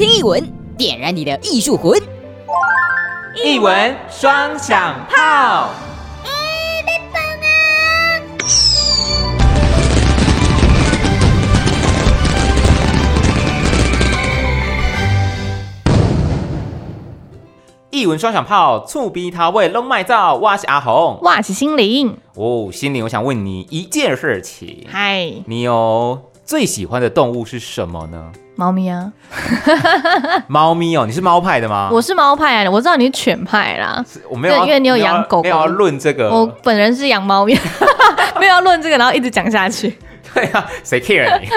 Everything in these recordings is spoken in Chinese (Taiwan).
聽藝文，點燃你的藝術魂。藝文雙響炮，哎，別 藝文雙響炮，醋逼他為攏賣造，我是阿紅，我是心靈。哦，心靈，我想問你一件事情。嗨，你有、哦、最喜歡的動物是什麼呢？貓咪啊， 貓咪哦，你是貓派的嗎？我是貓派啊，我知道你是犬派啦、啊，我沒有，因為你有養狗，狗沒有要，沒有要論這個，我本人是養貓咪， 沒有要論這個，然後一直講下去。 對啊，誰 care 你？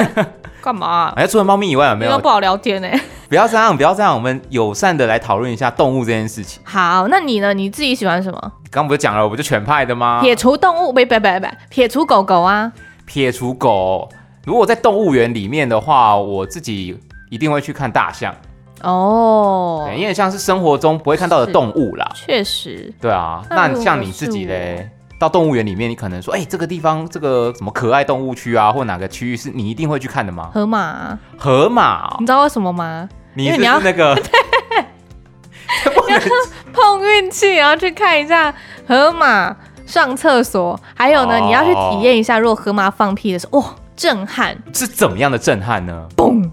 幹 嘛、啊？哎、啊，除了貓咪以外，有沒有？不好聊天呢、欸。不要這樣，不要這樣，我們友善的來討論一下動物這件事情。好，那你呢？你自己喜歡什麼？剛不是講了，我不就犬派的嗎？撇除動物，不不不不，不，撇除狗狗啊，撇除狗。如果在動物園裡面的話，我自己一定會去看大象哦、oh，因為像是生活中不會看到的動物啦。確實。對啊，那，那像你自己嘞，到動物園裡面，你可能說，哎、欸，這個地方這個什麼可愛動物區啊，或哪個區域是你一定會去看的嗎？河馬。河馬。你知道為什麼嗎？你是是因為你要那 個對笑碰運氣，然後去看一下河馬上廁所，還有呢，oh, 你要去體驗一下，如果河馬放屁的時候，哇、oh！震撼是怎麼樣的震撼呢？嘣！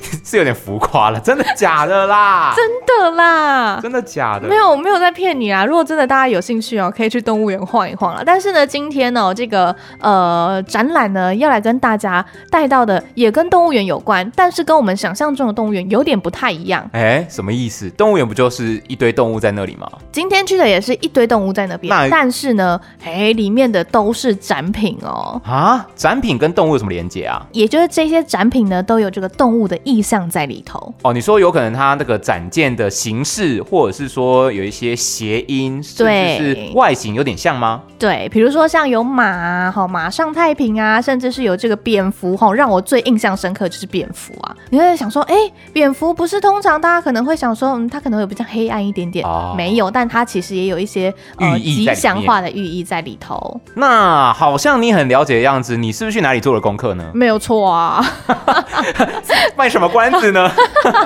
是有點浮誇了，真的假的啦？ 真的啦， 真的假的？沒有，我沒有在騙你啊！如果真的大家有興趣哦、喔，可以去動物園晃一晃了。但是呢，今天呢、喔，這個呃展覽呢，要來跟大家帶到的也跟動物園有關，但是跟我們想象中的動物園有點不太一樣。哎、欸，什麼意思？動物園不就是一堆動物在那裡嗎？今天去的也是一堆動物在那邊，但是呢，哎、欸，裡面的都是展品哦、喔。啊，展品跟動物有什麼連接啊？也就是這些展品呢，都有這個動物的。意象在裡頭哦，你說有可能它那個展件的形式，或者是說有一些諧音，或者是，是外形有點像嗎？對，比如說像有馬好、啊，馬上太平啊，甚至是有這個蝙蝠哈，讓我最印象深刻就是蝙蝠啊。你會想說，哎、欸，蝙蝠不是通常大家可能會想說，嗯，它可能有比較黑暗一點點、哦，沒有，但它其實也有一些呃意吉祥化的寓意在裡頭。那好像你很了解的樣子，你是不是去哪裡做了功課呢？沒有錯啊， 什麼關子呢？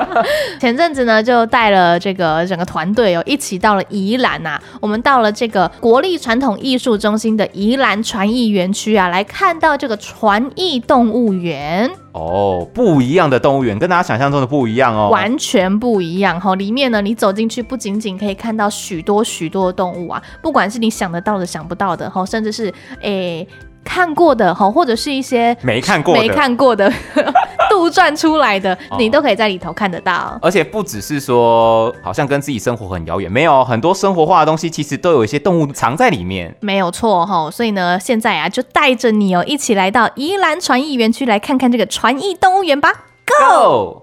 前陣子呢，就帶了這個整個團隊哦，一起到了宜蘭啊，我們到了這個國立傳統藝術中心的宜蘭傳藝園區啊，來看到這個傳藝動物園。哦，不一樣的動物園，跟大家想象中的不一樣哦，完全不一樣哈、哦。裡面呢，你走進去，不僅僅可以看到許多許多動物啊，不管是你想得到的、想不到的，哈、哦，甚至是誒。欸看過的吼，或者是一些沒看過、沒看過的 杜撰出來的， 你都可以在裡頭看得到。而且不只是說，好像跟自己生活很遙遠，沒有很多生活化的東西，其實都有一些動物藏在裡面。沒有錯，所以呢，現在啊，就帶着你哦，一起來到宜蘭傳藝園區，來看看這個傳藝動物園吧。Go! Go！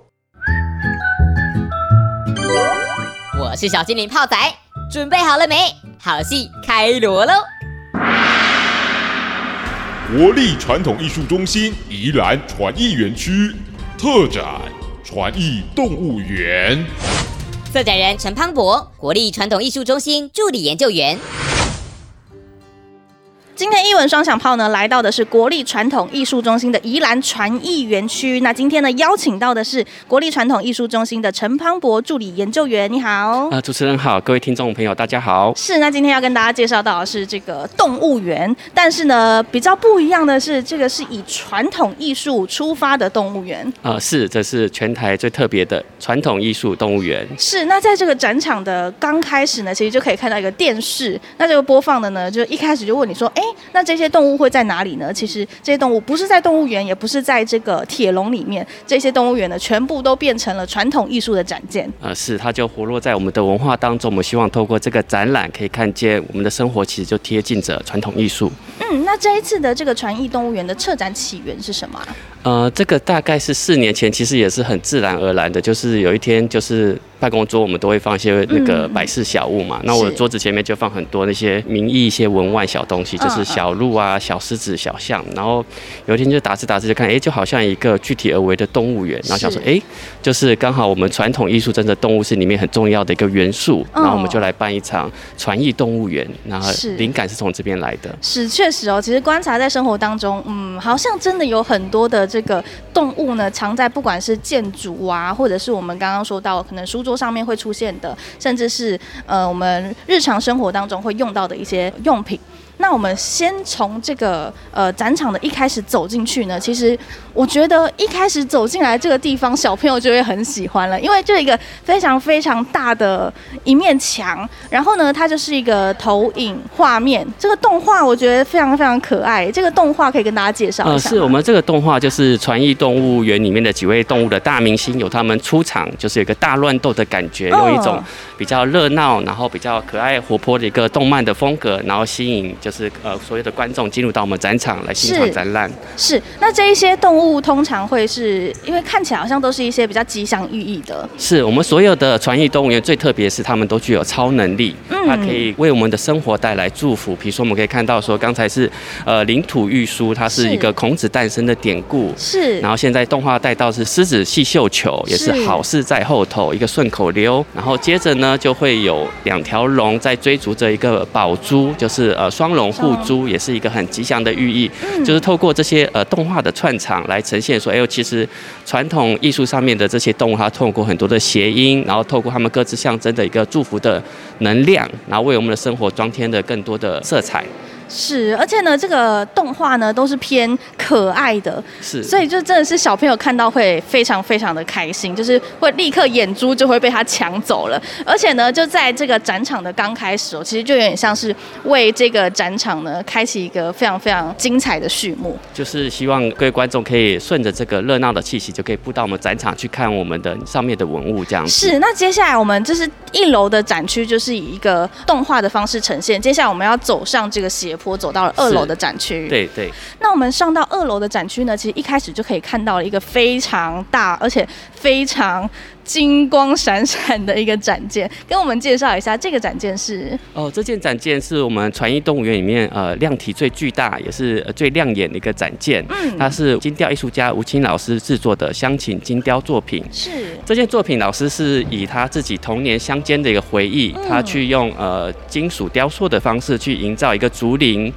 我是小精靈泡仔，準備好了沒？好戲開鑼嘍！國立傳統藝術中心宜蘭傳藝園區特展，傳藝動物園。策展人陳磅礡，國立傳統藝術中心助理研究員。今天藝文雙響炮呢，來到的是國立傳統藝術中心的宜蘭傳藝園區。那今天呢，邀請到的是國立傳統藝術中心的陳磅礡助理研究員。你好，啊、呃，主持人好，各位聽眾朋友，大家好。是，那今天要跟大家介紹到的是這個動物園，但是呢，比較不一樣的是，這個是以傳統藝術出發的動物園。啊、呃，是，這是全台最特別的傳統藝術動物園。是，那在這個展場的剛開始呢，其實就可以看到一個電視，那這個播放的呢，就一開始就問你說，哎、欸。那這些動物會在哪裡呢？其實這些動物不是在動物園，也不是在這個鐵籠裡面。這些動物園呢，全部都變成了傳統藝術的展件。呃，是它就活絡在我們的文化當中。我們希望透過這個展覽，可以看見我們的生活其實就貼近着傳統藝術。嗯，那這一次的這個傳藝動物園的策展起源是什麼？呃，這個大概是四年前，其實也是很自然而然的，就是有一天就是。辦公桌我們都會放一些那個擺設小物嘛，那我的桌子前面就放很多那些名義一些文玩小東西，就是小鹿啊、小獅子、小象。然後有一天就打字打字就看，哎，就好像一個具體而微的動物園。然後想說，哎，就是剛好我們傳統藝術真的動物是裡面很重要的一個元素。然後我們就來辦一場傳藝動物園。然後靈感是從這邊來的。是，是確實哦、喔，其實觀察在生活當中，嗯，好像真的有很多的這個動物呢，藏在不管是建築啊，或者是我們剛剛說到可能書籍。桌上面會出現的，甚至是呃，我們日常生活當中會用到的一些用品。那我們先從這個呃展場的一開始走進去呢，其實我覺得一開始走進來這個地方，小朋友就會很喜歡了，因為這一個非常非常大的一面牆，然後呢，它就是一個投影畫面。這個動畫我覺得非常非常可愛，這個動畫可以跟大家介紹一下嗎？嗯，是我們這個動畫就是傳藝動物園裡面的幾位動物的大明星，有他們出場，就是有一個大亂鬥的感覺，用一種比較熱鬧，然後比較可愛活潑的一個動漫的風格，然後吸引。就是呃，所有的觀眾進入到我們展場來欣賞展覽。是。那這些動物通常會是因為看起來好像都是一些比較吉祥寓意的。是。是我們所有的傳藝動物園最特別，是它們都具有超能力，它可以為我們的生活帶來祝福。嗯、比如說我們可以看到說，剛才是呃“麟吐玉書”，它是一個孔子誕生的典故。是。然後現在動畫帶到是“獅子戲繡球”，也是好事在後頭一個順口溜。然後接着呢，就會有兩條龍在追逐着一個寶珠，就是呃雙。龍護珠也是一個很吉祥的寓意，就是透過這些呃動畫的串場來呈現說，哎呦，其實傳統藝術上面的這些動物，它透過很多的諧音，然後透過它們各自象徵的一個祝福的能量，然後為我們的生活增添的更多的色彩。是，而且呢，這個動畫呢都是偏可愛的，是，所以就真的是小朋友看到會非常非常的開心，就是會立刻眼珠就會被他搶走了。而且呢，就在這個展場的剛開始哦，其實就有點像是為這個展場呢開啟一個非常非常精彩的序幕。就是希望各位觀眾可以順着這個熱鬧的氣息，就可以步到我們展場去看我們的上面的文物這樣子。是，那接下來我們就是一樓的展區，就是以一個動畫的方式呈現。接下來我們要走上這個斜。坡走到了二樓的展區，對，對對。那我們上到二樓的展區呢，其實一開始就可以看到了一個非常大，而且非常。金光閃閃的一個展件，跟我們介紹一下這個展件是哦。這件展件是我們傳藝動物園裡面呃量體最巨大，也是最亮眼的一個展件。嗯，它是金雕藝術家吳清老師制作的鄉情金雕作品。是這件作品，老師是以他自己童年鄉間的一個回憶，嗯，他去用呃金屬雕塑的方式去營造一個竹林。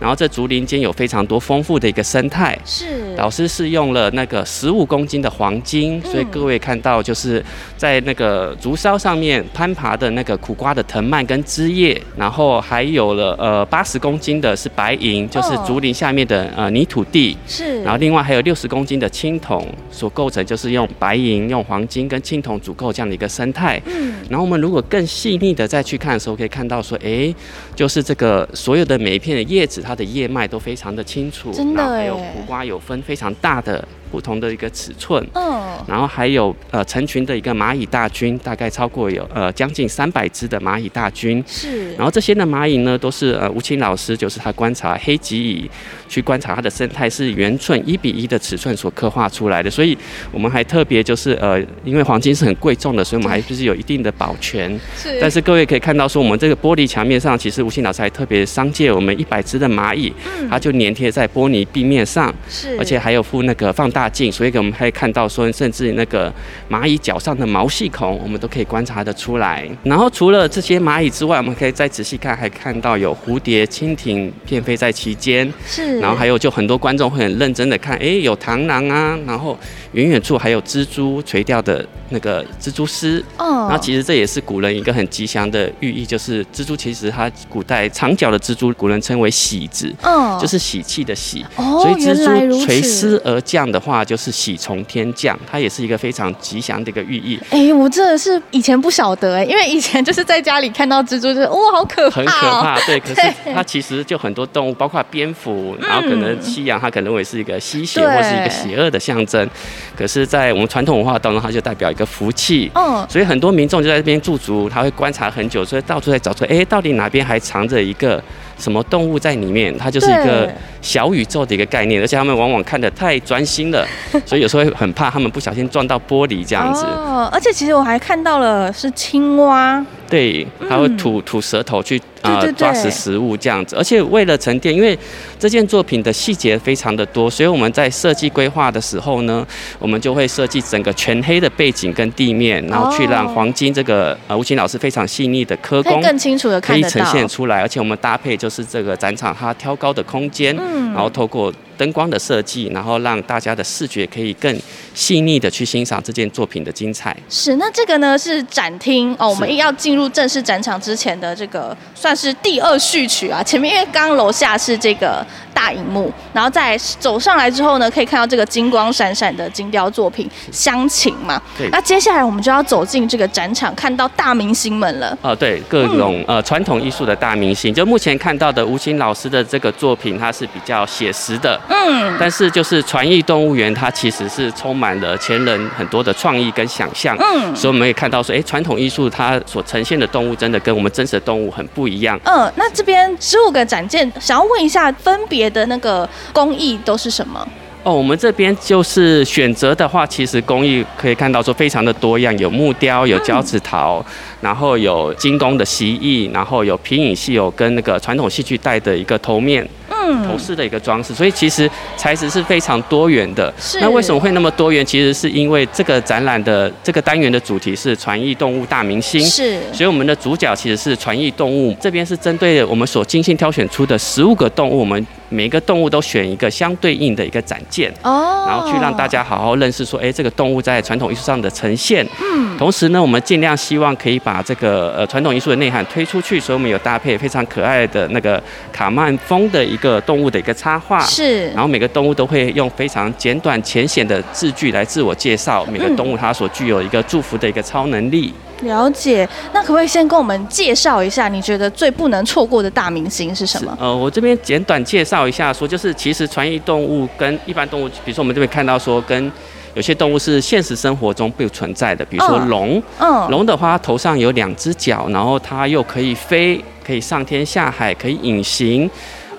然後這竹林間有非常多豐富的一個生態，是老師是用了那個十五公斤的黃金、嗯，所以各位看到就是在那個竹梢上面攀爬的那個苦瓜的藤蔓跟枝葉，然後還有了呃八十公斤的是白銀，就是竹林下面的、哦、呃泥土地，是，然後另外還有六十公斤的青銅所構成，就是用白銀、用黃金跟青銅組構這樣的一個生態。嗯，然後我們如果更細膩的再去看的時候，可以看到說，哎，就是這個所有的每一片的葉子。它的葉脈都非常的清楚，真的，然後還有苦瓜有分非常大的，不同的一個尺寸，嗯、oh.，然後還有呃成群的一個螞蟻大軍，大概超過有呃將近三百隻的螞蟻大軍，是。然後這些的螞蟻呢，都是呃吳卿老師就是他觀察黑棘蟻，去觀察它的生態，是原寸一比一的尺寸所刻畫出來的。所以我們還特別就是呃，因為黃金是很貴重的，所以我們還就是有一定的保全。是。但是各位可以看到說，我們這個玻璃牆面上，其實吳卿老師還特別商借我們一百隻的螞蟻，嗯，它就粘貼在玻璃壁面上，是。而且還有附那個放大大鏡，所以我們可以看到說，甚至那個螞蟻腳上的毛細孔，我們都可以觀察得出來。然後除了這些螞蟻之外，我們可以再仔細看，還看到有蝴蝶、蜻蜓翩飛在其間。是。然後還有，就很多觀眾會很認真的看，哎，有螳螂啊。然後，遠遠處還有蜘蛛垂吊的那個蜘蛛絲。哦。然後其實這也是古人一個很吉祥的寓意，就是蜘蛛其實它古代長腳的蜘蛛，古人稱為喜子。哦。就是喜氣的喜。哦，所以蜘蛛垂絲而降的話。話就是喜從天降，它也是一個非常吉祥的一個寓意。哎、欸，我真的是以前不曉得、欸，哎，因為以前就是在家裡看到蜘蛛，就是哇、哦，好可怕、喔，很可怕。對，可是它其實就很多動物，包括蝙蝠，然後可能西洋，它可能會是一個吸血或是一個邪惡的象徵。可是，在我們傳統文化當中，它就代表一個福氣。嗯，所以很多民眾就在這邊駐足，他會觀察很久，所以到處在找出，哎、欸，到底哪邊還藏着一個。什麼動物在裡面？它就是一個小宇宙的一個概念，而且他們往往看得太專心了，所以有時候會很怕他們不小心撞到玻璃這樣子 哦，而且其實我還看到了是青蛙。對，它會吐吐舌頭去啊抓食食物這樣子，而且為了沉澱，因為這件作品的細節非常的多，所以我們在設計規劃的時候呢，我們就會設計整個全黑的背景跟地面，然後去讓黃金這個呃吳卿老師非常細膩的刻工可以更清楚的呈現出來。而且我們搭配就是這個展場它挑高的空間，然後透過燈光的設計，然後讓大家的視覺可以更。細膩的去欣賞這件作品的精彩。是，那這個呢是展廳哦，我們一要進入正式展場之前的這個是算是第二序曲啊。前面因為剛剛樓下是這個大熒幕，然後再走上來之後呢，可以看到這個金光閃閃的金雕作品《鄉情》嘛。對。那接下來我們就要走進這個展場，看到大明星們了。呃、哦，對，各種、嗯、呃傳統藝術的大明星。就目前看到的吳昕老師的這個作品，它是比較寫實的。嗯。但是就是傳藝動物園，它其實是充。滿了前人很多的創意跟想象，嗯，所以我們也看到說，哎、欸，傳統藝術它所呈現的動物，真的跟我們真實的動物很不一樣。嗯，那這邊十五個展件，想要問一下，分別的那個工藝都是什麼？哦，我們這邊就是選擇的話，其實工藝可以看到說非常的多樣，有木雕，有交趾陶、嗯，然後有金工的錫藝，然後有皮影戲，有跟那個傳統戲劇戴的一個頭面。嗯，頭飾的一個裝飾，所以其實材質是非常多元的。是，那為什麼會那麼多元？其實是因為這個展覽的這個單元的主題是傳藝動物大明星，是。所以我們的主角其實是傳藝動物，這邊是針對我們所精心挑選出的十五個動物，我們每一個動物都選一個相對應的一個展件哦，然後去讓大家好好認識說，哎、欸，這個動物在傳統藝術上的呈現。嗯，同時呢，我們盡量希望可以把這個呃傳統藝術的內涵推出去，所以我們有搭配非常可愛的那個卡漫風的一。個動物的一個插畫，是。然後每個動物都會用非常簡短淺顯的字句來自我介紹。每個動物它所具有一個祝福的一個超能力。嗯、了解。那可不可以先跟我們介紹一下，你覺得最不能錯過的大明星是什麼？呃，我這邊簡短介紹一下，說就是其實傳藝動物跟一般動物，比如說我們這邊看到說跟有些動物是現實生活中不存在的，比如說龍。嗯。龍、嗯、的話，頭上有兩隻腳，然後它又可以飛，可以上天下海，可以隱形。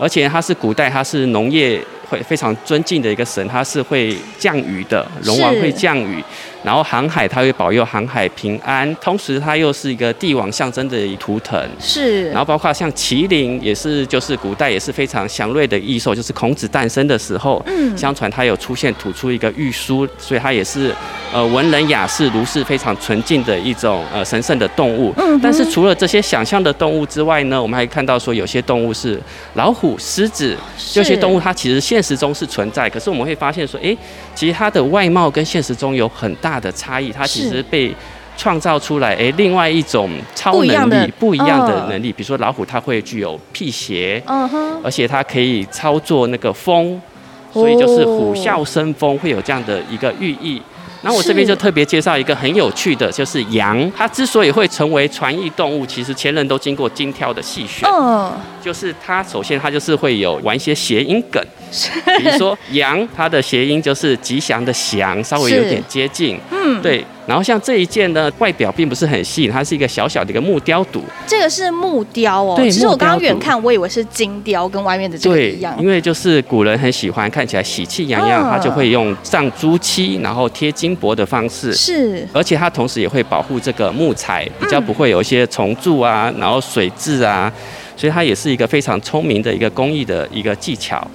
而且它是古代，它是農業會非常尊敬的一個神，它是會降雨的，龍王會降雨。然後航海，它會保佑航海平安，同時它又是一個帝王象徵的圖騰。是。然後包括像麒麟，也是，就是古代也是非常祥瑞的異獸。就是孔子誕生的時候，嗯，相傳它有出現吐出一個玉書，所以它也是呃文人雅士，如是非常純淨的一種呃神聖的動物。嗯，嗯。但是除了這些想象的動物之外呢，我們還看到說有些動物是老虎、獅子這些動物，它其實現實中是存在，可是我們會發現說，哎，其實它的外貌跟現實中有很大。大的差異，它其實被創造出來，哎、欸，另外一種超能力，不一樣的，不一樣的能力，哦，比如說老虎，它會具有辟邪，嗯哼，而且它可以操作那個風，所以就是虎嘯生風，會有這樣的一個寓意。那我這邊就特別介紹一個很有趣的，就是羊，它之所以會成為傳藝動物，其實前人都經過精挑的細選，oh. 就是它首先它就是會有玩一些諧音梗，比如說羊，它的諧音就是吉祥的祥，稍微有點接近，嗯，對。然後像這一件呢，外表並不是很吸引，它是一個小小的一個木雕堵。這個是木雕哦。對，木雕。其實我剛剛遠看，我以為是金雕，跟外面的這個一樣。對，因為就是古人很喜歡看起來喜氣洋洋，啊、他就會用上朱漆，然後貼金箔的方式。是。而且它同時也會保護這個木材，比較不會有一些蟲蛀啊，然後水漬啊、嗯，所以它也是一個非常聰明的一個工藝的一個技巧。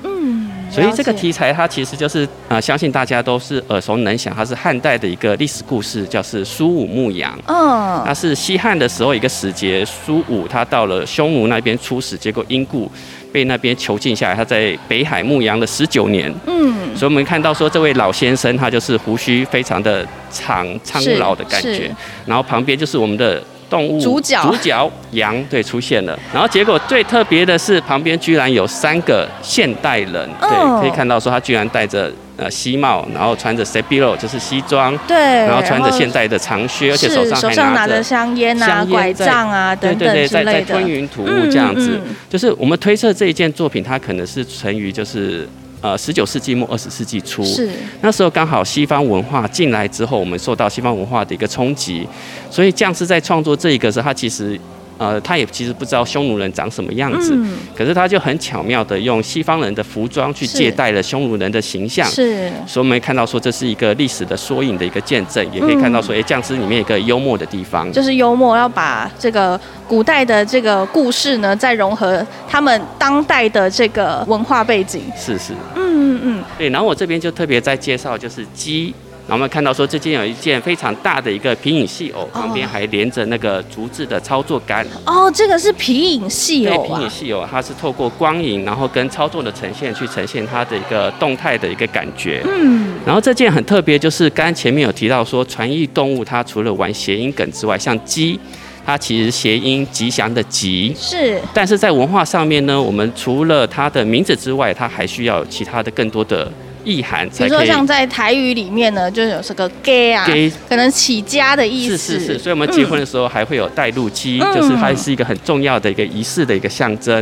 所以這個題材它其實就是，呃，相信大家都是耳熟能詳，它是漢代的一個歷史故事，叫，就是蘇武牧羊。嗯，哦，它是西漢的時候一個使節蘇武，他到了匈奴那邊出使，結果因故被那邊囚禁下來，他在北海牧羊了十九年。嗯，所以我們看到說這位老先生他就是鬍鬚非常的長，蒼老的感覺，然後旁邊就是我們的。動物主角，主角羊，對，出現了，然後結果最特別的是旁邊居然有三個現代人，哦、對，可以看到說他居然戴着呃西帽，然後穿着 sebiro 就是西裝，對，然後，然後穿着現代的長靴，而且手上還拿着香煙啊、煙拐杖啊等等之類的，對對對，在在吞雲吐霧這樣子、嗯嗯，就是我們推測這一件作品它可能是成於就是。呃，十九世紀末二十世紀初是，那時候剛好西方文化進來之後，我們受到西方文化的一個衝擊，所以匠師在創作這一個時候，他其實。呃，他也其實不知道匈奴人長什麼樣子，嗯、可是他就很巧妙的用西方人的服裝去借代了匈奴人的形象，是，是所以我們可以看到說，這是一個歷史的縮影的一個見證，嗯，也可以看到說，哎、欸，將士裡面一個幽默的地方，就是幽默，要把這個古代的這個故事呢，再融合他們當代的這個文化背景，是是，嗯嗯嗯，對，然後我這邊就特別在介紹就是雞。然後我們看到說，這件有一件非常大的一個皮影戲偶，哦，旁邊還連着那個竹子的操作桿。哦，這個是皮影戲偶啊。對，皮影戲偶，它是透過光影，然後跟操作的呈現去呈現它的一個動態的一個感覺。嗯。然後這件很特別，就是剛剛前面有提到說，傳藝動物它除了玩諧音梗之外，像雞，它其實諧音吉祥的吉。是。但是在文化上面呢，我們除了它的名字之外，它還需要其他的更多的。意涵。以，比如說像在台語裡面呢，就有這個 “gay” 啊 Gay，可能起家的意思。是是是，所以我們結婚的時候還會有帶路雞，就是它是一個很重要的一個儀式的一個象徵。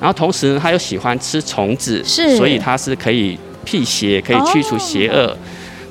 然後同時他又喜歡吃蟲子，是，所以它是可以辟邪，可以驅除邪惡，哦。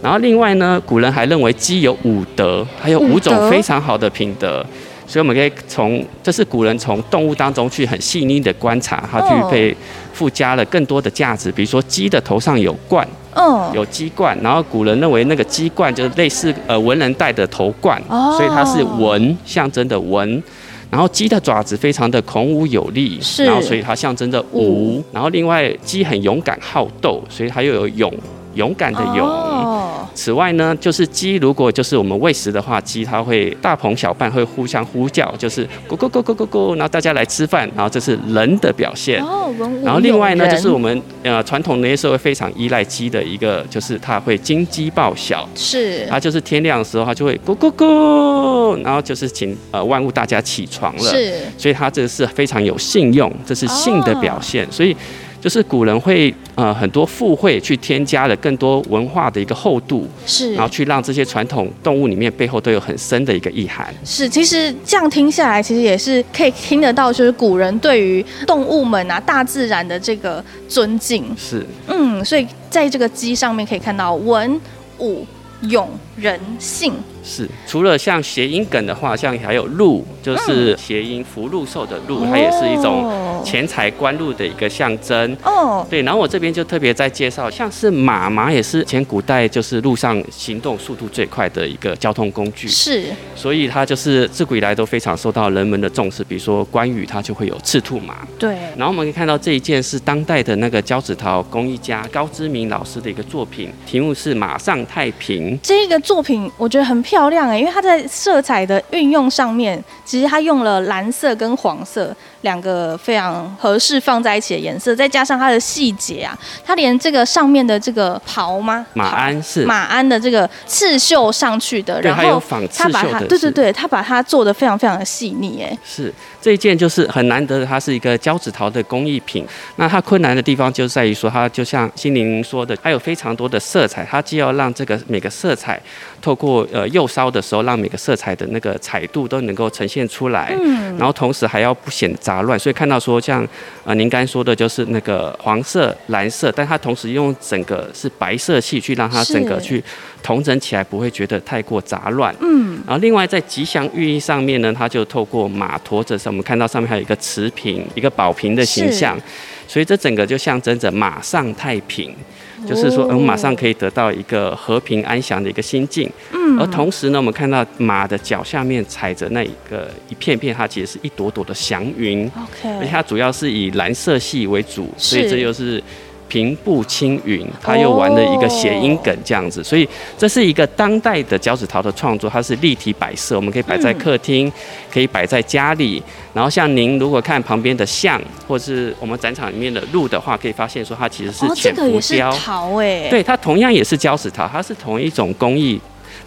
然後另外呢，古人還認為雞有五德，還有五種非常好的品德。所以我們可以從，這、就是古人從動物當中去很細膩的觀察，它具備附加了更多的價值。比如說雞的頭上有冠，嗯、oh.，有雞冠，然後古人認為那個雞冠就是類似呃文人戴的頭冠，oh. 所以它是文象徵的文。然後雞的爪子非常的孔武有力，是，然後所以它象徵着武。然後另外雞很勇敢好鬥，所以它又有勇。勇敢的勇。Oh. 此外呢，就是雞，如果就是我們餵食的話，雞它會大朋小伴會互相呼叫，就是咕咕咕咕咕咕咕，然後大家來吃飯。然後這是仁的表現。Oh. 然後另外呢，就是我們呃傳統農業社會非常依賴雞的一個，就是它會金雞報曉。是。它就是天亮的時候，它就會咕咕咕，然後就是請呃萬物大家起床了。是。所以它這個是非常有信用，這是信的表現。Oh. 所以。就是古人會呃很多附會去添加了更多文化的一個厚度，是，然後去讓這些傳統動物裡面背後都有很深的一個意涵。是，其實這樣聽下來，其實也是可以聽得到，就是古人對於動物們啊、大自然的這個尊敬。是，嗯，所以在這個雞上面可以看到文武勇仁信。是，除了像諧音梗的話，像還有鹿，就是諧音福祿壽的祿，它也是一種錢財官祿的一個象徵。哦、oh.，對，然後我這邊就特別在介紹，像是馬，馬也是前古代就是路上行動速度最快的一個交通工具，是，所以它就是自古以來都非常受到人們的重視。比如說關羽，他就會有赤兔馬。對，然後我們可以看到這一件是當代的那個交趾陶工藝家高知名老師的一個作品，題目是《馬上太平》。這個作品我覺得很漂亮哎，因為它在色彩的運用上面，其實它用了藍色跟黃色，兩個非常合適放在一起的顏色，再加上它的細節啊，它連這個上面的這個袍嗎？馬鞍是馬鞍的這個刺繡上去的？然後，他他對，還有仿刺繡的。對對對，它把它做的非常非常的細膩，哎，是這一件就是很難得的，它是一個交趾陶的工藝品。那它困難的地方就是在於說，它就像心靈說的，它有非常多的色彩，它既要讓這個每個色彩透過呃釉燒的時候，讓每個色彩的那個彩度都能夠呈現出來，嗯，然後同時還要不顯髒。雜亂，所以看到說像，啊、呃，您剛才說的就是那個黃色、藍色，但它同時用整個是白色系去讓它整個去統整起來，不會覺得太過雜亂。嗯，然後另外在吉祥寓意上面呢，它就透過馬馱着上，我們看到上面還有一個瓷瓶、一個寶瓶的形象，所以這整個就象徵着馬上太平。就是說，我們馬上可以得到一個和平安詳的一個心境，嗯，而同時呢，我們看到馬的腳下面踩着那一個一片片，它其實是一朵朵的祥雲，而且它主要是以藍色系為主，所以這又、就是。平步青雲，他又玩了一個諧音梗這樣子。哦，所以這是一個當代的交趾陶的創作，它是立體擺設，我們可以擺在客廳、嗯，可以擺在家裡。然後像您如果看旁邊的象，或是我們展場裡面的鹿的話，可以發現說它其實是淺浮雕，哎、哦，這個也是陶欸，對，它同樣也是交趾陶，它是同一種工藝。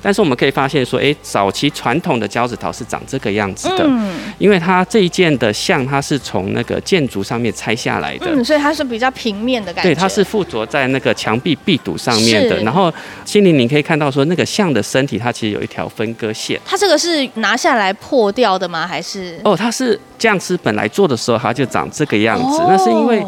但是我們可以發現說，誒、欸，早期傳統的交趾陶是長這個樣子的，嗯、因為它這一件的象它是從那個建築上面拆下來的、嗯，所以它是比較平面的感覺。對，它是附着在那個牆壁壁堵上面的。然後，心裡你可以看到說，那個象的身體它其實有一條分割線。它這個是拿下來破掉的嗎？還是？哦，它是匠師本來做的時候它就長這個樣子，哦、那是因為。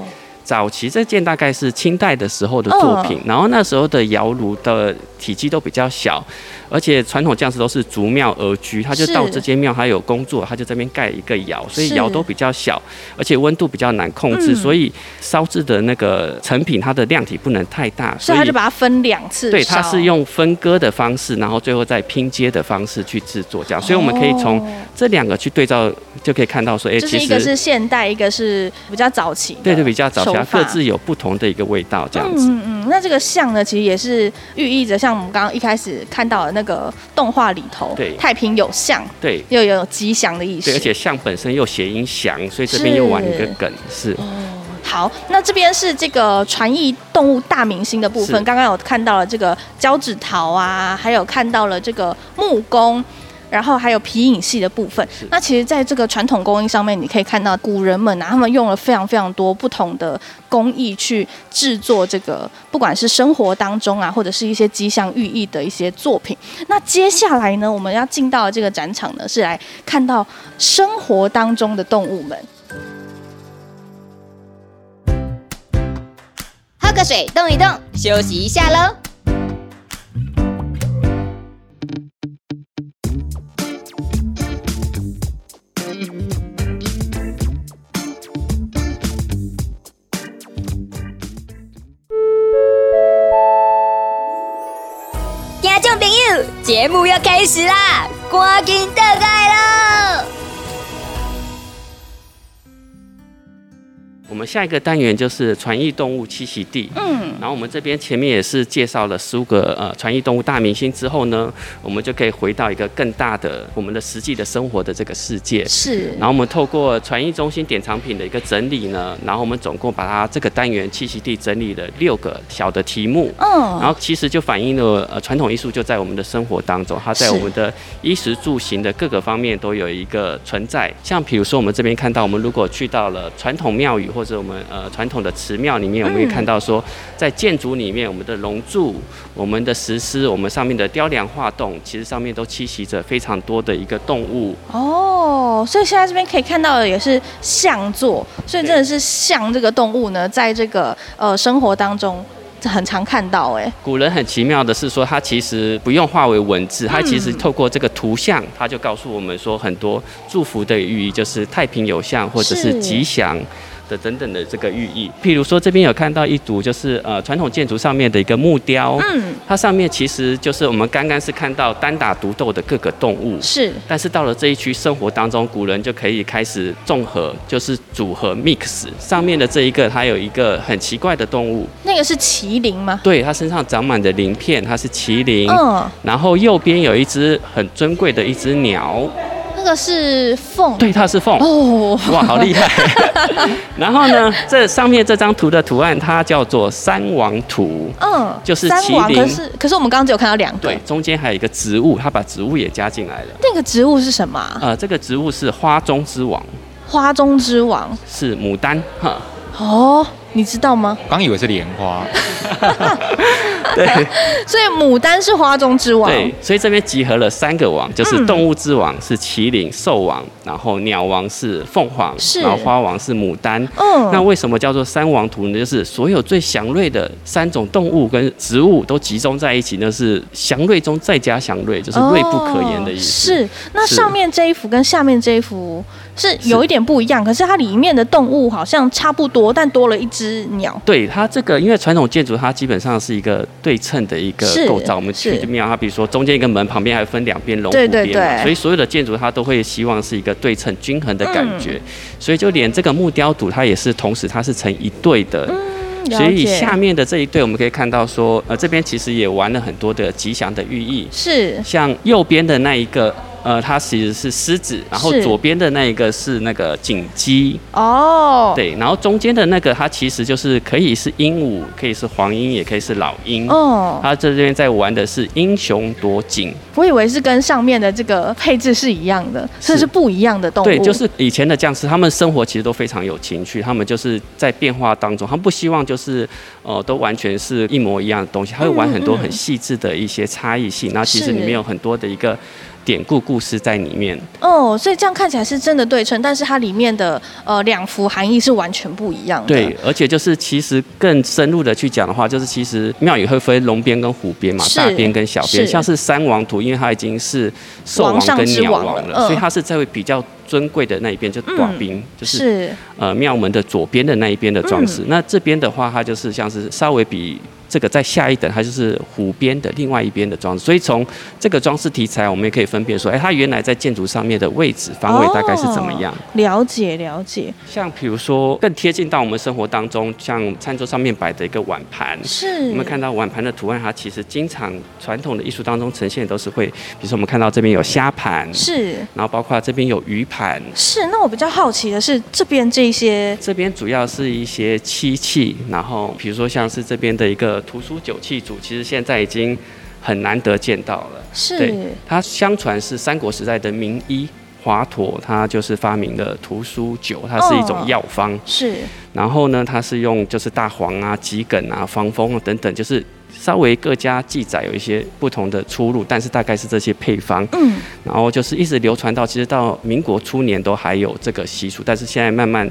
早期這件大概是清代的時候的作品，oh. 然後那時候的窯爐的體積都比較小。而且傳統匠師，都是逐廟而居，他就到這間廟，他有工作，他就這邊蓋一個窯，所以窯都比較小，而且溫度比較難控制，嗯、所以燒製的那個成品，它的量體不能太大，所以，所以他就把它分兩次。對，它是用分割的方式，然後最後再拼接的方式去製作這樣，所以我們可以從這兩個去對照，就可以看到說，哎、欸，其實、就是、一個是現代，一個是比較早期，對對，比較早期，它各自有不同的一個味道這樣子。嗯嗯，嗯，那這個像呢，其實也是寓意着像我們剛剛一開始看到的、那個那個動畫裡頭，對，太平有象，對，又有吉祥的意思。對，而且象本身又諧音祥，所以這邊又玩一個梗。是，哦、嗯，好，那這邊是這個傳藝動物大明星的部分。剛剛有看到了這個交趾陶啊，還有看到了這個木工。然後還有皮影戲的部分。那其實，在這個傳統工藝上面，你可以看到古人們啊，他們用了非常非常多不同的工藝去制作這個，不管是生活當中啊，或者是一些吉祥寓意的一些作品。那接下來呢，我們要進到這個展場呢，是來看到生活當中的動物們。喝個水，動一動，休息一下嘍。節目要開始啦，趕緊等待嘍！我們下一個單元就是傳藝動物棲息地。嗯，然後我們這邊前面也是介紹了十五個呃傳藝動物大明星之後呢，我們就可以回到一個更大的我們的實際的生活的這個世界。是。然後我們透過傳藝中心典藏品的一個整理呢，然後我們總共把它這個單元棲息地整理了六個小的題目。嗯，然後其實就反映了呃傳統藝術就在我們的生活當中，它在我們的衣食住行的各個方面都有一個存在。像比如說我們這邊看到，我們如果去到了傳統廟宇或者是我們呃傳統的祠廟裡面，嗯、我們也看到說，在建築裡面，我們的龍柱、我們的石獅、我們上面的雕梁畫棟，其實上面都棲息着非常多的一個動物。哦，所以現在這邊可以看到的也是象座，所以真的是象這個動物呢，在這個呃生活當中很常看到。哎，古人很奇妙的是說，他其實不用化為文字，他其實透過這個圖像，嗯、他就告訴我們說很多祝福的寓意，就是太平有象，或者是吉祥。的等等的這個寓意，譬如說這邊有看到一組，就是呃傳統建築上面的一個木雕。嗯，它上面其實就是我們剛剛是看到單打獨鬥的各個動物。是，但是到了這一區生活當中，古人就可以開始綜合，就是組合 mix 上面的這一個。它有一個很奇怪的動物，那個是麒麟嗎？對，它身上長滿的鱗片，它是麒麟，嗯，然後右邊有一只很尊貴的一只鳥。這、那個、是鳳，對，它是鳳哦，哇，好厲害！ 然後呢，這上面這張圖的圖案，它叫做三王圖，嗯，就是麒麟三王。可是可是我們剛剛只有看到兩個，對，中間還有一個植物，它把植物也加進來了。那個植物是什麼、啊？呃，這個植物是花中之王，花中之王是牡丹，哈，哦。你知道嗎？剛以為是蓮花， 對，所以牡丹是花中之王。對，所以這邊集合了三個王，嗯、就是動物之王是麒麟獸王，然後鳥王是鳳凰是，然後花王是牡丹。嗯，那為什麼叫做三王圖呢？就是所有最祥瑞的三種動物跟植物都集中在一起，那是祥瑞中再加祥瑞，就是瑞不可言的意思。哦、是，那上面這一幅跟下面這一幅。是有一點不一樣，可是它裡面的動物好像差不多，但多了一隻鳥。對它這個，因為傳統建築它基本上是一個對稱的一個構造，我們去的廟，它比如說中間一個門，旁邊還分兩邊龍虎邊，所以所有的建築它都會希望是一個對稱、均衡的感覺，嗯。所以就連這個木雕堵，它也是同時它是成一對的。嗯，所以下面的這一對，我們可以看到說，呃，這邊其實也玩了很多的吉祥的寓意，是像右邊的那一個。呃，它其實是獅子，然後左邊的那一個是那個錦雞哦，對，然後中間的那個它其實就是可以是鸚鵡，可以是黃鶯，也可以是老鷹哦。它這邊在玩的是英雄奪錦，我以為是跟上面的這個配置是一樣的，這是，是，是不一樣的東西。對，就是以前的將士，他們生活其實都非常有情趣，他們就是在變化當中，他們不希望就是呃都完全是一模一樣的東西，他會玩很多很細緻的一些差異性。那、嗯嗯、其實裡面有很多的一個。典故故事在裡面哦，oh, 所以這樣看起來是真的對稱，但是它裡面的呃兩幅含義是完全不一樣的。對，而且就是其實更深入的去講的話，就是其實廟宇會分龍邊跟虎邊嘛，大邊跟小邊，像是三王圖，因為它已經是獸王跟鳥王了，王上之王了呃、所以它是在比較，尊貴的那一邊就短兵，嗯，是，就是呃廟門的左邊的那一邊的裝飾，嗯。那這邊的話，它就是像是稍微比這個再下一等，它就是虎邊的另外一邊的裝飾。所以從這個裝飾題材，我們也可以分辨說，哎，欸，它原來在建築上面的位置方位大概是怎麼樣？哦，了解了解。像比如說，更貼近到我們生活當中，像餐桌上面擺的一個碗盤，是。我們看到碗盤的圖案，它其實經常傳統的藝術當中呈現都是會，比如說我們看到這邊有蝦盤，是。然後包括這邊有魚盤。是，那我比較好奇的是這邊這些，這邊主要是一些漆器，然後比如說像是這邊的一個屠蘇酒器組，其實現在已經很難得見到了。是，對它相傳是三國時代的名醫華佗，他就是發明的屠蘇酒，它是一種藥方。哦。是，然後呢，它是用就是大黃啊、桔梗啊、防風啊等等，就是。稍微各家記載有一些不同的出入，但是大概是這些配方。嗯，然後就是一直流傳到，其實到民國初年都還有這個習俗，但是現在慢慢。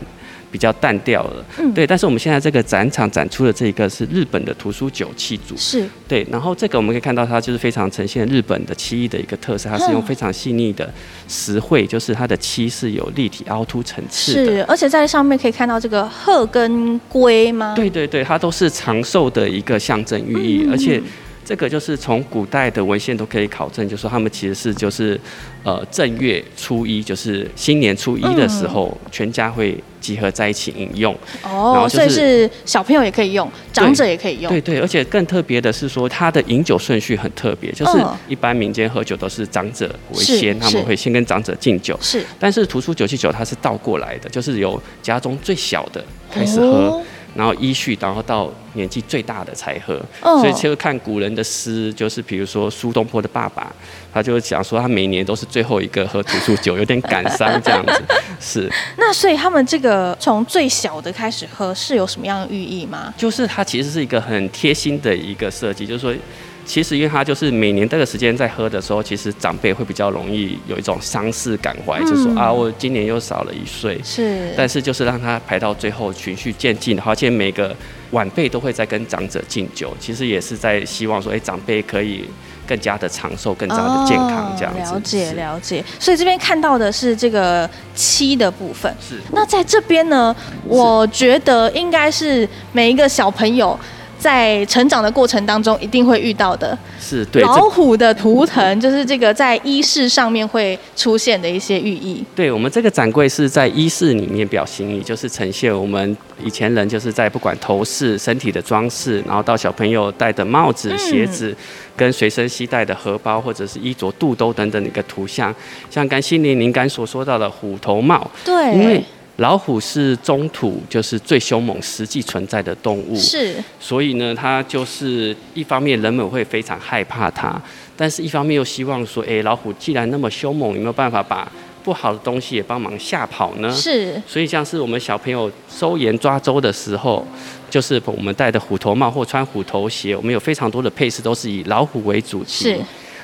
比較淡掉了，嗯，對。但是我們現在這個展場展出的這一個是日本的屠蘇酒器組，是對。然後這個我們可以看到，它就是非常呈現日本的漆藝的一個特色，它是用非常細膩的蒔繪，就是它的漆是有立體凹凸層次的。是，而且在上面可以看到這個鶴跟龜嗎？對對對，它都是長壽的一個象徵寓意，嗯嗯嗯而且。這個就是從古代的文獻都可以考證，就是、說他們其實是就是，呃，正月初一就是新年初一的時候、嗯，全家會集合在一起飲用。哦然後、就是，所以是小朋友也可以用，長者也可以用。對對，對，而且更特別的是說，它的飲酒順序很特別，就是一般民間喝酒都是長者為先，他們會先跟長者敬酒是。是，但是《屠蘇酒》七九它是倒過來的，就是由家中最小的開始喝。哦然後依序，然後到年紀最大的才喝，哦、所以就看古人的詩，就是比如說蘇東坡的爸爸，他就講說他每年都是最後一個喝屠蘇酒， 有點感傷這樣子。是。那所以他們這個從最小的開始喝，是有什麼樣的寓意嗎？就是它其實是一個很貼心的一個設計，就是說。其實，因為他就是每年這個時間在喝的時候，其實長輩會比較容易有一種傷逝感懷，嗯、就是、說啊，我今年又少了一歲。是。但是，就是讓他排到最後，循序漸進的話，而且每個晚輩都會在跟長者敬酒，其實也是在希望說，哎，長輩可以更加的長壽，更加的健康，哦、這樣子。了解，了解。所以這邊看到的是這個漆的部分。是。那在這邊呢，我覺得應該是每一個小朋友。在成長的過程當中，一定會遇到的。是，對。老虎的圖騰 就是這個在衣飾上面會出現的一些寓意。對我們這個展櫃是在衣飾裡面表心意，也就是呈現我們以前人就是在不管頭飾、身體的裝飾，然後到小朋友戴的帽子、鞋子，嗯、跟隨身攜帶的荷包或者是衣着肚兜等等的一個圖像。像甘心玲您您剛所說到的虎頭帽，對，因為。老虎是中土就是最兇猛、實際存在的動物，是。所以呢，它就是一方面人們會非常害怕它，但是一方面又希望說，哎，老虎既然那麼兇猛，有沒有辦法把不好的東西也幫忙嚇跑呢？是。所以像是我們小朋友收涎抓周的時候，就是我們戴的虎頭帽或穿虎頭鞋，我們有非常多的配飾都是以老虎為主題。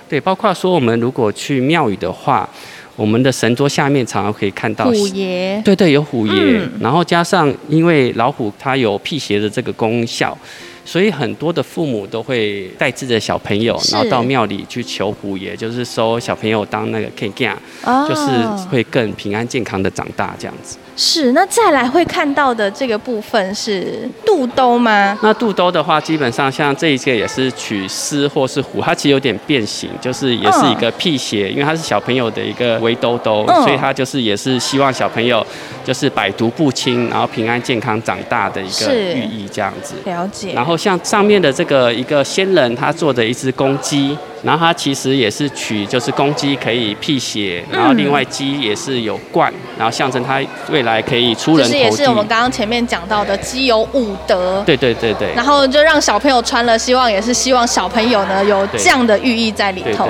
對，包括說我們如果去廟宇的話。我們的神桌下面常常可以看到虎爺，對對，有虎爺。嗯、然後加上，因為老虎它有辟邪的這個功效，所以很多的父母都會帶自己的小朋友，然後到廟裡去求虎爺，就是收小朋友當那個 k e g a n 就是會更平安健康的長大這樣子。是，那再來會看到的這個部分是肚兜嗎？那肚兜的話，基本上像這一件也是取獅或是虎，它其實有點變形，就是也是一個辟邪，因為它是小朋友的一個圍兜兜，所以它就是也是希望小朋友就是百毒不侵，然後平安健康長大的一個寓意這樣子。了解。然後像上面的這個一個仙人，他坐的一隻公雞。然後它，其實也是取，就是公雞可以辟邪，然後另外雞也是有冠，然後象徵它未來可以出人頭地。這也是我們剛剛前面講到的，雞有五德。對對對對。然後就讓小朋友穿了，希望也是希望小朋友呢有這樣的寓意在裡頭。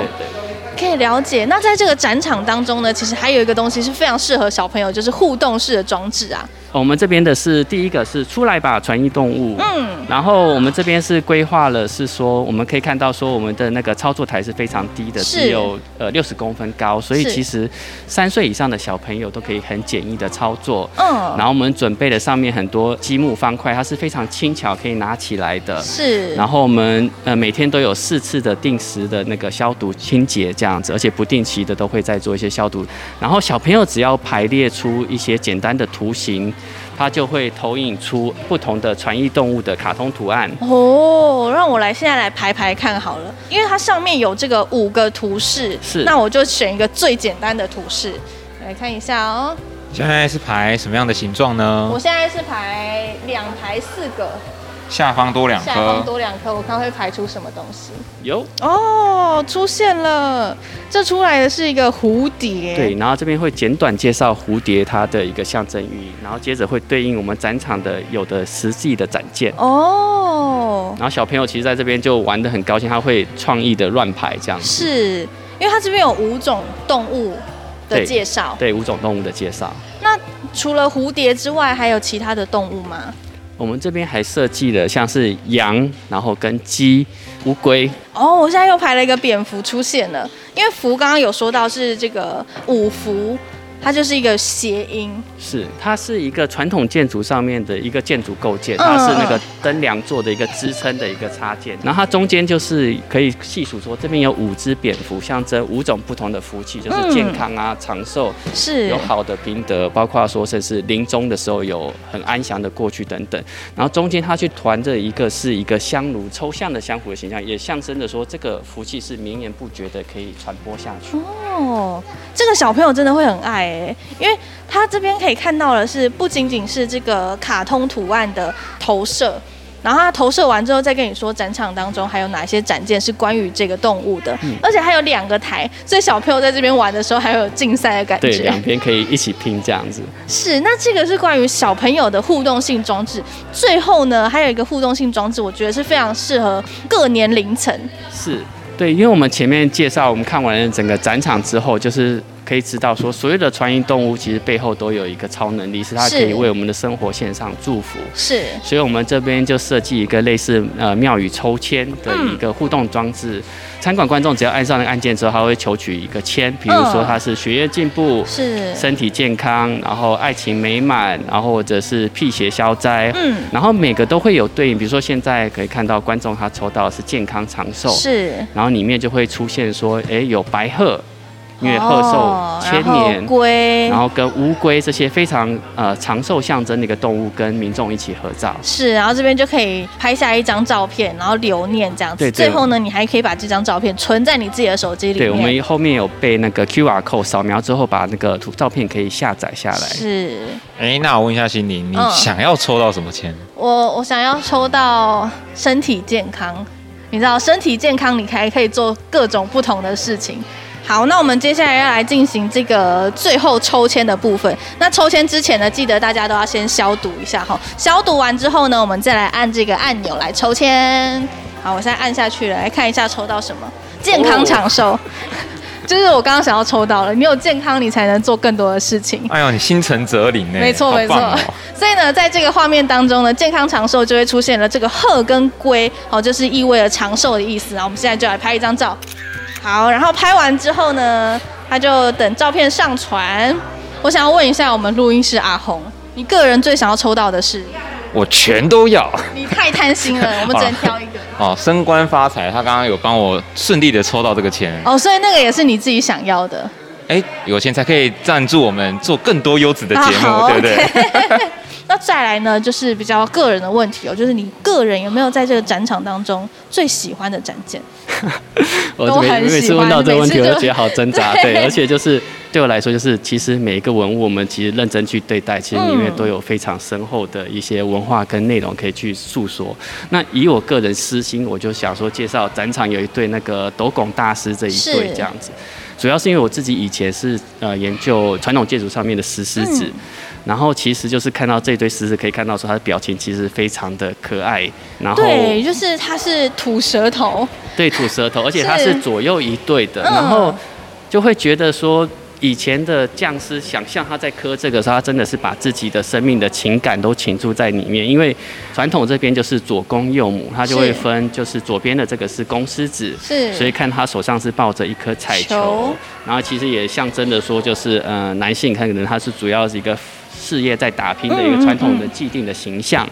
可以了解。那在這個展場當中呢，其實還有一個東西是非常適合小朋友，就是互動式的裝置啊。我們這邊的是第一個是“出來吧，傳藝動物”。嗯。然後我們這邊是規劃了，是說我們可以看到，說我們的那個操作台是非常低的，只有呃六十公分高，所以其實三歲以上的小朋友都可以很簡易的操作。嗯。然後我們準備了上面很多積木方塊，它是非常輕巧可以拿起來的。是。然後我們呃每天都有四次的定時的那個消毒清潔。這樣子，而且不定期的都會再做一些消毒。然後小朋友只要排列出一些簡單的圖形，它就會投影出不同的傳藝動物的卡通圖案。哦，讓我來現在來排排看好了，因為它上面有這個五個圖示。是，那我就選一個最簡單的圖示來看一下哦。現在是排什麼樣的形狀呢？我現在是排兩排四個。下方多兩顆，下方多兩顆，我看會排出什麼東西。有哦，出現了，這出來的是一個蝴蝶。對，然後這邊會簡短介紹蝴蝶它的一個象徵寓意，然後接着會對應我們展場的有的實際的展件。哦、嗯。然後小朋友其實在這邊就玩得很高興，他會創意的亂排這樣子。是因為它這邊有五種動物的介紹，對，對五種動物的介紹。那除了蝴蝶之外，還有其他的動物嗎？我們這邊還設計了像是羊，然後跟雞、烏龜。哦，我現在又排了一個蝙蝠出現了，因為蝠剛剛有說到是這個五福。它就是一個諧音，是它是一個傳統建築上面的一個建築構件，它是那個燈樑做的一個支撐的一個插件。然後它中間就是可以細數說，這邊有五隻蝙蝠，象徵五種不同的福氣，就是健康啊、長壽、嗯，是有好的品德，包括說甚至是臨終的時候有很安詳的過去等等。然後中間它去團着一個是一個香爐抽象的香爐的形象，也象徵著說這個福氣是綿延不絕的，可以傳播下去。哦，這個小朋友真的會很愛、欸。哎，因為他這邊可以看到的是不僅僅是這個卡通圖案的投射，然後他投射完之後再跟你說展場當中還有哪些展件是關於這個動物的。嗯，而且還有兩個台，所以小朋友在這邊玩的時候還有競賽的感覺。對，兩邊可以一起拼這樣子。是，那這個是關於小朋友的互動性裝置。最後呢，還有一個互動性裝置，我覺得是非常適合各年齡層。是對，因為我們前面介紹，我們看完了整個展場之後，就是。可以知道說，所有的傳藝動物其實背後都有一個超能力，是它可以為我們的生活獻上祝福。是，所以我們這邊就設計一個類似呃廟宇抽籤的一個互動裝置。嗯、參觀觀眾只要按上那個按鍵之後，它會求取一個籤，比如說他是學業進步，哦、是身體健康，然後愛情美滿，然後或者是辟邪消災。嗯，然後每個都會有對應，比如說現在可以看到觀眾他抽到的是健康長壽，是，然後裡面就會出現說，哎、欸，有白鶴。因為賀壽千年、哦、龜，然後跟烏龜這些非常呃長壽象徵的一個動物，跟民眾一起合照。是，然後這邊就可以拍下一張照片，然後留念這樣子。最後呢，你還可以把這張照片存在你自己的手機裡面。對，我們後面有被那個 QR code 掃描之後，把那個圖照片可以下載下來。是。哎，那我問一下心靈，你想要抽到什麼籤？嗯，我我想要抽到身體健康。你知道身體健康，你還可以做各種不同的事情。好，那我們接下來要來進行這個最後抽籤的部分。那抽籤之前呢，記得大家都要先消毒一下哈。消毒完之後呢，我們再來按這個按鈕來抽籤。好，我現在按下去了，來看一下抽到什麼。健康長壽，哦、 就是我剛剛想要抽到了。你有健康，你才能做更多的事情。哎呦，你心誠則靈。沒錯沒錯、哦。所以呢，在這個畫面當中呢，健康長壽就會出現了這個鶴跟龜，好、哦，就是意味著長壽的意思啊。我們現在就來拍一張照。好，然後拍完之後呢，他就等照片上傳。我想要問一下我們錄音室阿紅，你個人最想要抽到的是？我全都要。你太貪心了， 我們只能挑一個哦。哦，升官發財，他剛剛有幫我順利的抽到這個錢。哦，所以那個也是你自己想要的。哎，有錢才可以贊助我們做更多優質的節目，啊、對不對？ 那再來呢，就是比較個人的問題哦，就是你個人有沒有在這個展場當中最喜歡的展件？ 我每都很喜歡，每次問到這個問題，我都覺得好掙扎。對，對，而且就是對我來說，就是其實每一個文物，我們其實認真去對待，其實裡面都有非常深厚的一些文化跟內容可以去訴說。嗯。那以我個人私心，我就想說介紹展場有一對那個斗拱大師這一對這樣子，主要是因為我自己以前是呃研究傳統建築上面的石獅子。嗯然後其實就是看到這對獅子，可以看到說它的表情其實非常的可愛。然後對，就是它是吐舌頭。對，吐舌頭，而且它是左右一對的。然後就會覺得說，以前的匠師想象他在刻這個的時候，他真的是把自己的生命的情感都傾注在裡面。因為傳統這邊就是左公右母，他就會分，就是左邊的這個是公獅子，是，所以看他手上是抱着一顆彩球，球然後其實也象徵的說就是呃男性，看可能他是主要是一個。事業在打拼的一個傳統的既定的形象，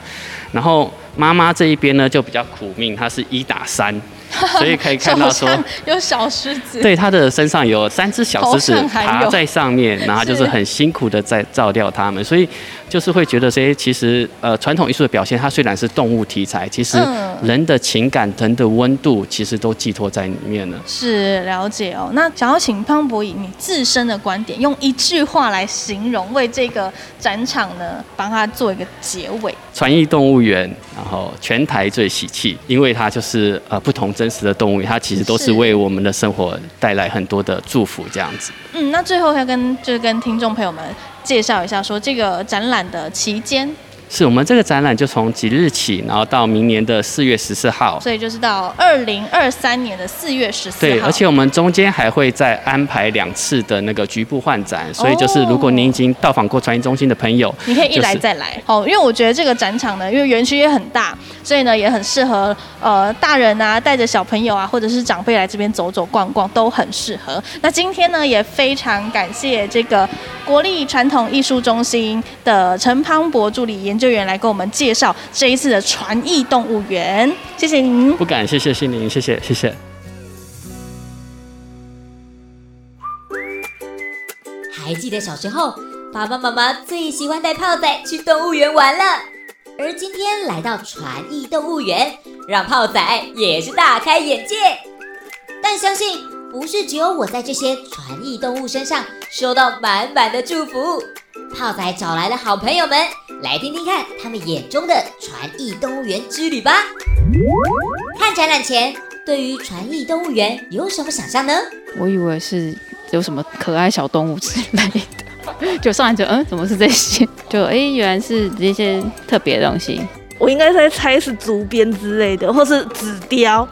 然後媽媽這一邊呢就比較苦命，她是一打三，所以可以看到說有小獅子，對，她的身上有三隻小獅子爬在上面，然後就是很辛苦的在照料他們，所以。就是會覺得這些其實，呃，傳統藝術的表現，它雖然是動物題材，其實人的情感、嗯、人的溫度，其實都寄託在裡面了。是了解哦。那想要請磅礡以你自身的觀點，用一句話來形容，為這個展場呢，幫他做一個結尾。傳藝動物園，然後全台最喜氣，因為它就是呃不同真實的動物，它其實都是為我們的生活帶來很多的祝福這樣子。嗯，那最後要跟就是跟聽眾朋友們介紹一下，說這個展覽的期間。是我們這個展覽就從即日起，然後到明年的四月十四號，所以就是到二零二三年的四月十四號。對，而且我們中間還會再安排兩次的那個局部換展，哦，所以就是如果您已經到訪過傳藝中心的朋友，你可以一來再來，就是。好，因為我覺得這個展場呢，因為園區也很大，所以呢也很適合呃大人啊帶着小朋友啊，或者是長輩來這邊走走逛逛都很適合。那今天呢也非常感謝這個國立傳統藝術中心的陳磅礡助理研究。研究員來給我們介紹這一次的傳藝動物園，謝謝您。不敢，謝謝，謝您，謝謝，謝謝。還記得小時候，爸爸媽媽最喜歡帶炮仔去動物園玩了，而今天來到傳藝動物園，讓炮仔也是大開眼界。但相信不是只有我在這些傳藝動物身上收到滿滿的祝福。炮仔找來了好朋友們，來聽聽看他們眼中的傳藝動物園之旅吧。看展覽前，對於傳藝動物園有什麼想象呢？我以為是有什麼可愛小動物之類的， 就上來就，嗯，怎麼是這些？就，誒、欸，原來是這些特別的東西。我應該是在猜是竹編之類的，或是紙雕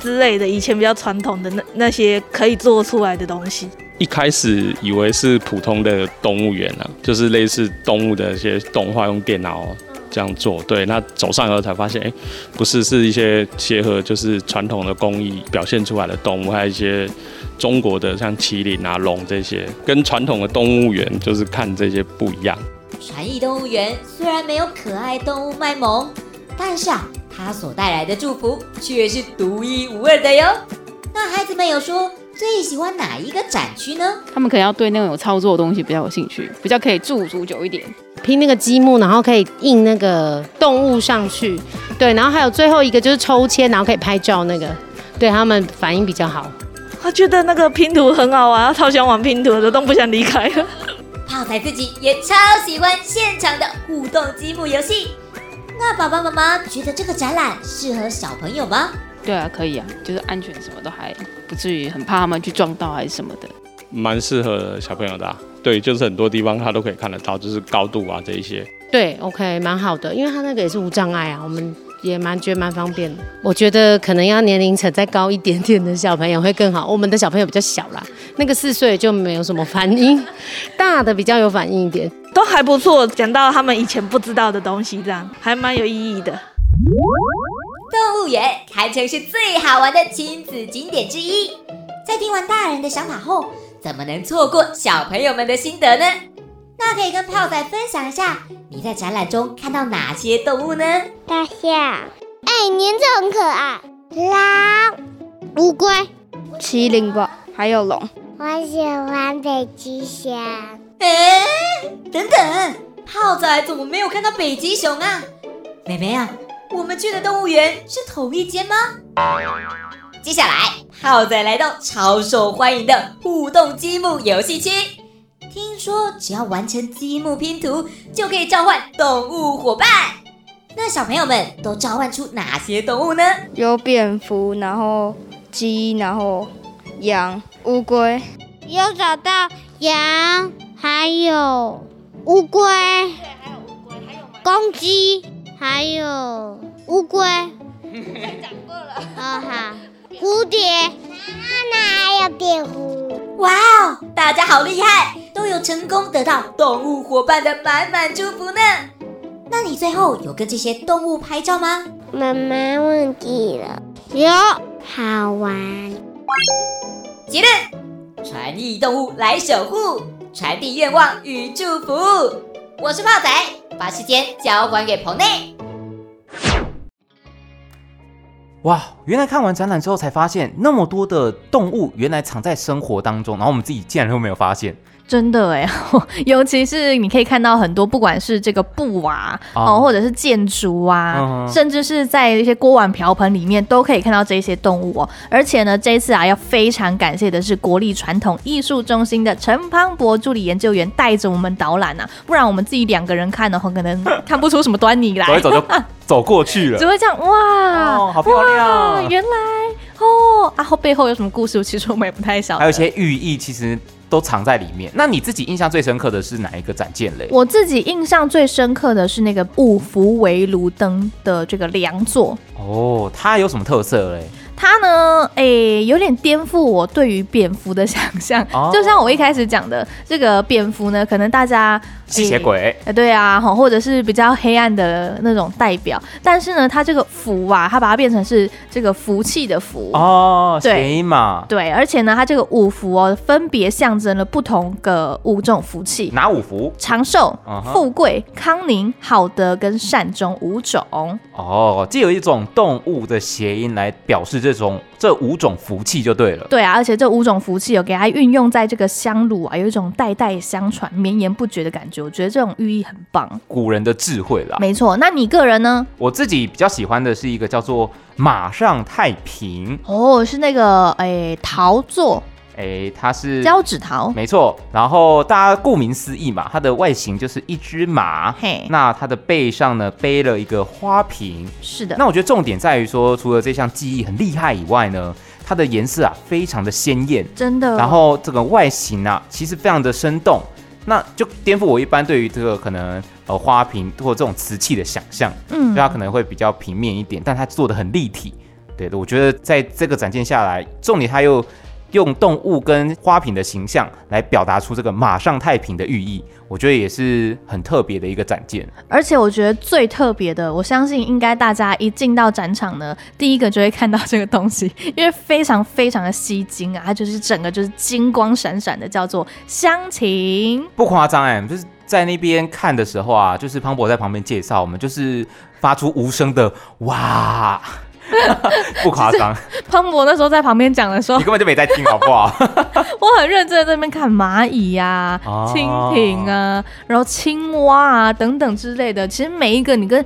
之類的，以前比較傳統的那那些可以做出來的東西。一開始以為是普通的動物園啊，就是類似動物的一些動畫，用電腦啊，這樣做。對，那走上以後才發現，欸，不是，是一些結合就是傳統的工藝表現出來的動物，還有一些中國的像麒麟啊、龍這些，跟傳統的動物園就是看這些不一樣。傳藝動物園雖然沒有可愛動物賣萌，但是啊，它所帶來的祝福卻是獨一無二的喲。那孩子們有說。最喜歡哪一個展區呢？他們可能要對那種有操作的東西比較有興趣，比較可以駐足久一點，拼那個積木，然後可以印那個動物上去，對，然後還有最後一個就是抽籤，然後可以拍照那個，對他們反應比較好。他覺得那個拼圖很好玩，超喜歡玩拼圖的，我都不想離開了。炮 仔自己也超喜歡現場的互動積木遊戲。那爸爸媽媽覺得這個展覽適合小朋友嗎？對啊，可以啊，就是安全什麼都還不至於很怕他們去撞到還是什麼的，蠻適合小朋友的啊，對，就是很多地方他都可以看得到，就是高度啊這一些，對，OK，蠻好的，因為他那個也是無障礙啊，我們也蠻覺得蠻方便的。我覺得可能要年齡層再高一點點的小朋友會更好，我們的小朋友比較小啦，那個四歲就沒有什麼反應， 大的比較有反應一點，都還不錯。講到他們以前不知道的東西，這樣還蠻有意義的。動物園堪稱是最好玩的親子景點之一。在聽完大人的想法後，怎麼能錯過小朋友們的心得呢？那可以跟炮仔分享一下，你在展覽中看到哪些動物呢？大象。哎、欸，您這很可愛。狼、烏龜、麒麟吧，還有龍。我喜歡北極熊。哎，等等，炮仔怎麼沒有看到北極熊啊？妹妹啊。我們去的動物園是同一間嗎？接下來，炮仔來到超受歡迎的互動積木遊戲區。聽說只要完成積木拼圖，就可以召喚動物伙伴。那小朋友們都召喚出哪些動物呢？有蝙蝠，然後雞，然後羊，烏龜。有找到羊，還有烏龜。對，還有烏龜，還有嗎？公雞。還有烏龜，講 夠了，哈、哦、哈，蝴蝶，媽媽有蝙蝠，哇，wow, 大家好厲害，都有成功得到動物伙伴的滿滿祝福呢！那你最後有跟這些動物拍照嗎？媽媽忘記了，有，好玩。結論，傳藝動物來守護，傳遞願望與祝福。我是炮仔，把時間交還給棚內。哇，原來看完展覽之後才發現，那麼多的動物原來藏在生活當中，然後我們自己竟然都沒有發現。真的哎、欸，尤其是你可以看到很多，不管是這個布啊，啊哦，或者是建築啊，啊，甚至是在一些鍋碗瓢盆裡面，都可以看到這些動物哦。而且呢，這次啊，要非常感謝的是國立傳統藝術中心的陳磅礡助理研究員帶着我們導覽吶、啊，不然我們自己兩個人看的話，可能看不出什麼端倪來。走一走就 走過去了，只會這樣哇、哦，好漂亮、啊！原來哦，啊後背後有什麼故事？其實我們也不太曉得。還有一些寓意，其實。都藏在裡面。那你自己印象最深刻的是哪一個展件嘞？我自己印象最深刻的是那個五福圍爐燈的這個梁座。哦，它有什麼特色嘞？它呢，誒、欸，有點顛覆我對於蝙蝠的想象、哦。就像我一開始講的，這個蝙蝠呢，可能大家吸、欸、血鬼，哎，對啊，或者是比較黑暗的那種代表。但是呢，它這個福啊，它把它變成是這個福氣的福哦，諧音嘛。對，而且呢，它這個五福哦，分別象徵了不同的五種福氣。哪五福？長壽、uh-huh、富貴、康寧、好德跟善終五種。哦，這有一種動物的諧音來表示這個。這種這五種福氣就對了，對啊，而且這五種福氣有給它運用在這個香爐啊，有一種代代相傳、綿延不絕的感覺。我覺得這種寓意很棒，古人的智慧啦。沒錯，那你個人呢？我自己比較喜歡的是一個叫做“馬上太平”哦，是那個哎陶作。哎、欸，它是交趾陶沒錯。然後大家顧名思義嘛，它的外形就是一隻馬。嘿、hey.，那它的背上呢背了一個花瓶。是的。那我覺得重點在於說，除了這項技藝很厲害以外呢，它的顏色啊非常的鮮豔，真的。然後這個外形啊其實非常的生動，那就顛覆我一般對於這個可能呃花瓶或這種瓷器的想象。嗯，它可能會比較平面一點，但它做得很立體。對的，我覺得在這個展件下來，重點它又。用動物跟花瓶的形象來表達出這個馬上太平的寓意，我覺得也是很特別的一個展件。而且我覺得最特別的，我相信應該大家一進到展場呢，第一個就會看到這個東西，因為非常非常的吸睛啊！它就是整個就是金光閃閃的，叫做鄉情，不誇張哎，就是在那邊看的時候啊，就是磅礴在旁邊介紹，我們就是發出無聲的哇。 不誇張，潘博磅礡那時候在旁邊講的時候，你根本就沒在聽好不好？ 我很認真的在那邊看螞蟻呀、啊啊、蜻蜓啊，然後青蛙啊等等之類的，其實每一個你跟。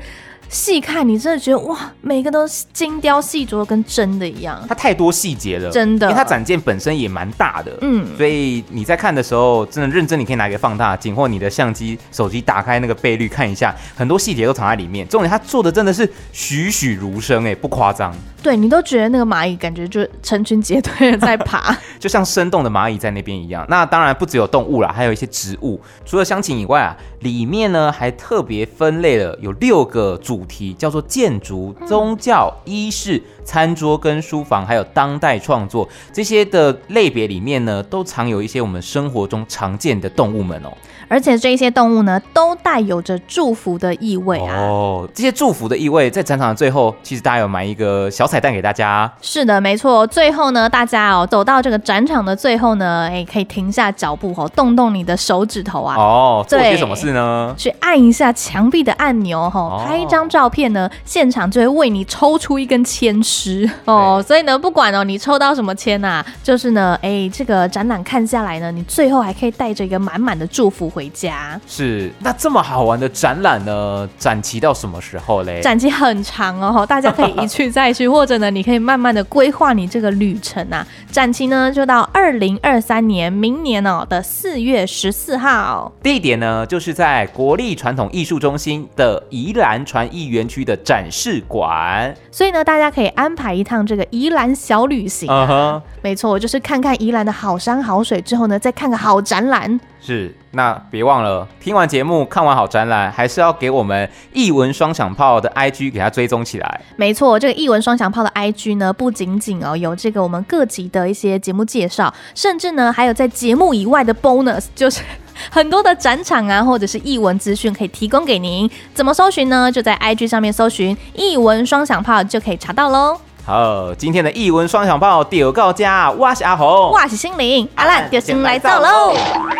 細看，你真的覺得哇，每個都精雕細琢，跟真的一樣。它太多細節了，真的，因為它展件本身也蠻大的，嗯，所以你在看的時候，真的認真，你可以拿一個放大鏡或你的相機、手機打開那個倍率看一下，很多細節都藏在裡面。重點，它做的真的是栩栩如生，欸，哎，不誇張。對，你都覺得那個螞蟻感覺就成群結隊的在爬， 就像生動的螞蟻在那邊一樣。那當然不只有動物啦，還有一些植物。除了鄉情以外啊，裡面呢還特別分類了有六個主題，叫做建築、宗教、衣飾餐桌跟書房，還有當代創作這些的類別裡面呢，都藏有一些我們生活中常見的動物們哦、喔。而且這些動物呢，都帶有着祝福的意味啊。哦，這些祝福的意味，在展場的最後，其實大家有埋一個小彩蛋給大家、啊。是的，沒錯。最後呢，大家哦、喔，走到這個展場的最後呢，哎、欸，可以停下腳步哦、喔，動動你的手指頭啊。哦，做些什麼事呢？去按一下牆壁的按鈕、喔，哈、哦，拍一張照片呢，現場就會為你抽出一根籤。是哦，所以呢，不管哦，你抽到什麼籤吶、啊，就是呢，哎、欸，這個展覽看下來呢，你最後還可以帶着一個滿滿的祝福回家。是，那這麼好玩的展覽呢，展期到什麼時候嘞？展期很長哦，大家可以一去再去， 或者呢，你可以慢慢的規劃你這個旅程啊。展期呢，就到二零二三年明年哦的四月十四號。地點呢，就是在國立傳統藝術中心的宜蘭傳藝園區的展示館。所以呢，大家可以安。安排一趟這個宜蘭小旅行，啊，uh -huh. 沒錯，我就是看看宜蘭的好山好水，之後呢再看個好展覽。是,那別忘了聽完節目、看完好展覽，還是要給我們藝文雙響炮的 IG 給它追蹤起來。沒錯，這個藝文雙響炮的 IG 呢，不僅僅哦，有這個我們各集的一些節目介紹，甚至呢還有在節目以外的 bonus，就是。 很多的展場啊，或者是藝文資訊可以提供給您。怎麼搜尋呢？就在 IG 上面搜尋“藝文雙響炮”就可以查到嘍。好，今天的藝文雙響炮就到家。我是阿紅。我是心靈。阿蘭就先來到嘍。嗯